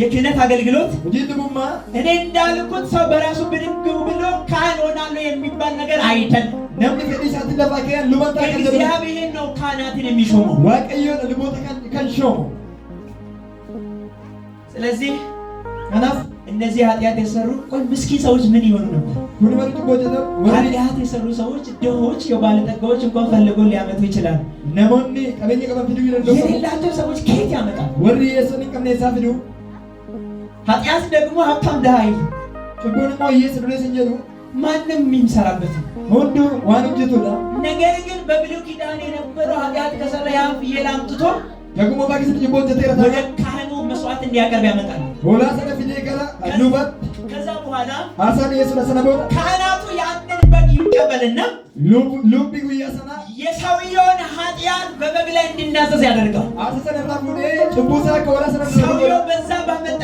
የክህነት አገልግሎት እኔ እንዳልኩት ሰው በራሱ ብድግ ብሎ ካህን ሆናለሁ የሚባል ነገር አይተን እግዚአብሔር ነው ካህናትን የሚሾመው። ስለዚህ እነዚህ ኃጢአት የሰሩ ቆይ ምስኪን ሰዎች ምን ይሆኑ ነበር? ኃጢአት የሰሩ ሰዎች ድሆች፣ የባለጠጋዎች እንኳን ፈልጎ ሊያመጡ ይችላል። የሌላቸው ሰዎች ከየት ያመጣል? ኃጢአት ደግሞ ሀብታም ድሃ ይል ጭቡንሞ ይህ ስብሎ ማንም የሚሰራበት ሁሉ ዋንጅቱ ነገር ግን በብሉይ ኪዳን የነበረው ኃጢአት ከሰራ ያ ፍየል አምጥቶ ደግሞ ባጊስት ጅቦት ተረታ ወደ ካህኑ መስዋዕት እንዲያቀርብ ያመጣል። ወላ ሰነፍ ይገላ አሉባ ከዛ በኋላ አሳን የሱለ ሰነበ ካህናቱ ያንን በግ ይቀበልና ሉቢ ጉያሰና የሰውየውን ኃጢአት በበግ ላይ እንዲናዘዝ ያደርጋል። አሰሰነ ራፉኔ ጭቡሳ ከወላ ሰነፍ ሰውየው በዛ ባመጣ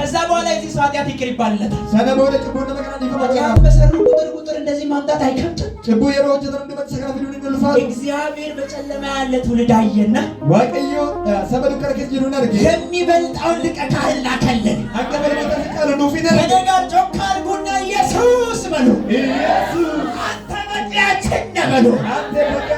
ከዛ በኋላ የዚህ ሰው ኃጢአት ይቅር ይባልለታል። በሰሩ ቁጥር ቁጥር እንደዚህ ማምጣት አይከብድም። እግዚአብሔር በጨለማ ያለ ትውልድ አየና የሚበልጣውን ሊቀ ካህን ላከልን። ተነጋግረው ካልጉና ኢየሱስ በሉ አንተ በቂያችን ነህ